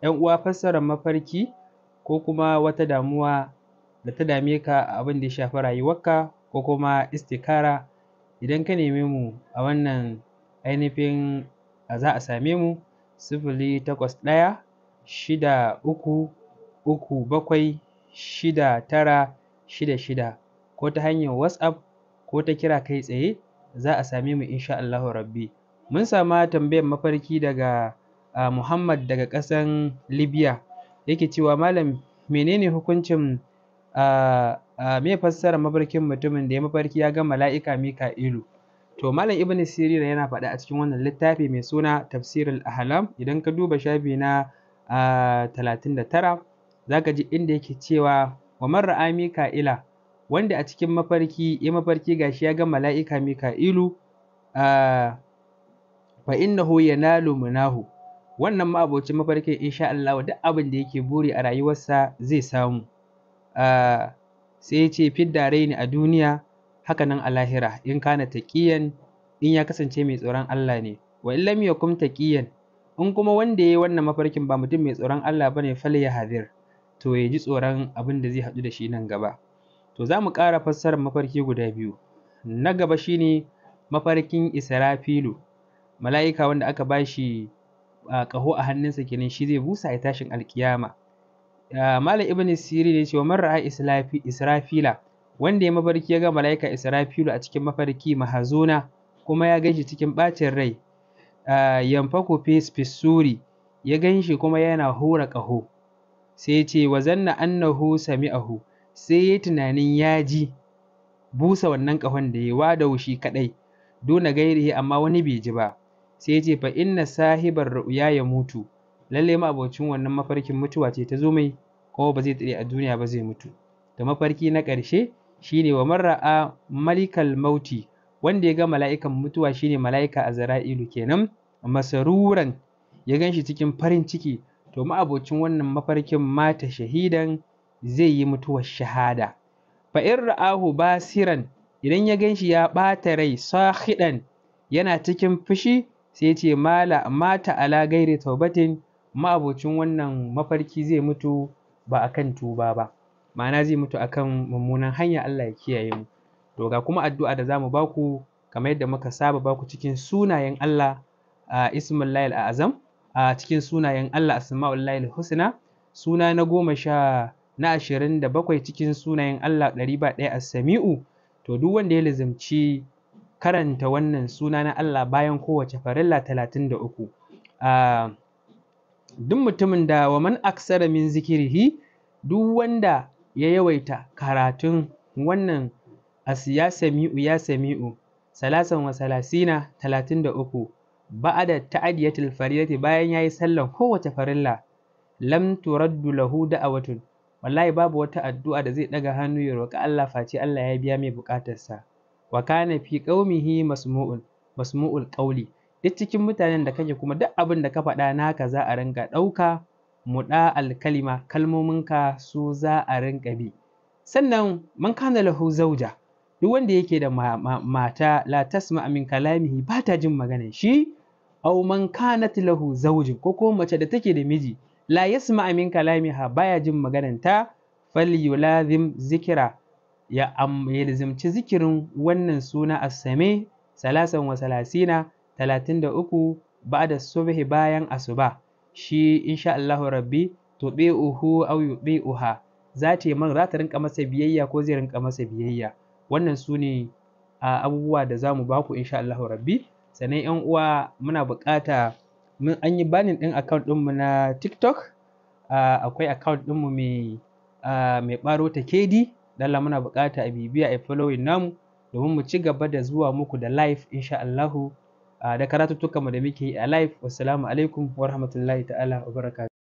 ‘yan uwa fassarar mafarki ko kuma wata damuwa da ta dame ka a abin da ya shafi rayuwarka ko kuma istikara idan ka neme mu a wannan ainihin za a same mu sifili takwas ɗaya shida uku uku bakwai shida tara shida shida ko ta hanyar whatsapp ko ta kira kai tsaye za a same mu insha Allahu rabbi mun sama tambayar mafarki daga Muhammad daga ƙasan Libya yake cewa malam menene hukuncin mai me fassara mafarkin mutumin da ya mafarki ya ga mala'ika Mika'ilu to malam Ibn Sirira yana faɗa a cikin wannan littafi mai suna tafsirin Ahlam idan ka duba shafi na 39, za ka ji inda yake cewa wa marar Mika'ila wanda a cikin mafarki ya mafarki gashi ya ga mala'ika Mika'ilu uh, fa innahu yanalu munahu wannan ma'abocin mafarkin insha Allah duk abin da yake buri a rayuwarsa zai samu ah, sai ya ce fidda raini a duniya haka nan a lahira in kana taƙiyan in ya kasance mai tsoron Allah ne wa in lam yakum taqiyan in kuma wanda yayi wannan mafarkin ba mutum mai tsoron Allah bane fal ya hadir to ya ji tsoron abin da zai haɗu da shi nan gaba to za mu ƙara fassarar mafarki guda biyu na gaba shine mafarkin israfilu mala'ika wanda aka bashi ƙaho a hannunsa kenan shi zai busa ya tashin alkiyama malam ibn siri ne cewa marra israfila wanda ya mafarki ya ga mala'ika israfilu a cikin mafarki mahazuna kuma ya ganshi cikin bacin rai ko fisuri ya ganshi kuma yana hura ƙaho sai ce wa zanna annahu sami'ahu sai ya tunanin ya ji busa wannan ƙahon da ya wada wushi kaɗai dona gairi amma wani bai ji ba sai ya ce fa inna sahibar ru'ya ya mutu lalle ma abocin wannan mafarkin mutuwa ce ta zo mai kuma ba zai tsire a duniya ba zai mutu da mafarki na ƙarshe shine wa a malikal mauti wanda ya ga mala'ikan mutuwa shine mala'ika azra'ilu kenan masaruran ya ganshi cikin farin ciki to ma abocin wannan mafarkin mata shahidan zai yi mutuwar shahada fa in ra'ahu basiran idan ya ganshi ya ɓata rai sahidan yana cikin fushi sai ce mala mata ala gairi taubatin ma'abocin wannan mafarki zai mutu ba a kan tuba ba ma'ana zai mutu a kan mummunan hanya Allah ya kiyaye mu to ga kuma addu'a da za mu ba ku kamar yadda muka saba ba ku cikin sunayen Allah a ismullahi azam a cikin sunayen Allah asma'ullahi husna suna na goma sha na ashirin da bakwai cikin sunayen Allah ɗari ba ɗaya a sami'u to duk wanda ya lizimci karanta wannan suna na Allah bayan kowace farilla talatin da uku. Ah, duk mutumin da wa man aksara min zikirihi duk wanda ya yawaita karatun wannan a sami'u ya sami'u salasan wa salasina talatin da uku ba'ada ta'adiyatul fariyati bayan yayi sallan kowace farilla lam turaddu lahu da'awatun wallahi babu wata addu'a da zai ɗaga hannu ya roƙi Allah face Allah ya biya mai buƙatarsa wa kana fi qaumihi masmu'un masmu'ul qawli duk cikin mutanen da kake kuma duk abin da ka faɗa naka za a rinka ɗauka muɗa alkalima kalmominka su za a rinka bi sannan man kana lahu zauja duk wanda yake da mata la tasma min kalamihi ba ta jin maganar shi aw man kanat lahu zaujin ko ko mace da take da miji la yasma min kalamiha baya jin maganar ta falyulazim zikira ya lizimci zikirin wannan suna same salasan wa salasina talatin da uku ba da subhi bayan asuba shi insha Allahu rabbi tubi'uhu aw uha za ta yi man za ta rinka masa biyayya ko zai rinka masa biyayya wannan su ne abubuwa da za mu baku insha Allahu rabbi sannan yan uwa muna bukata mun an yi banin din account ɗinmu na TikTok akwai account ɗinmu mai mai ɓaro ta kedi Allah muna bukata a bibiya a following namu domin mu ci gaba da zuwa muku da live insha Allahu da karatuttukan mu da muke yi a live wassalamu alaikum wa rahmatullahi ta'ala wa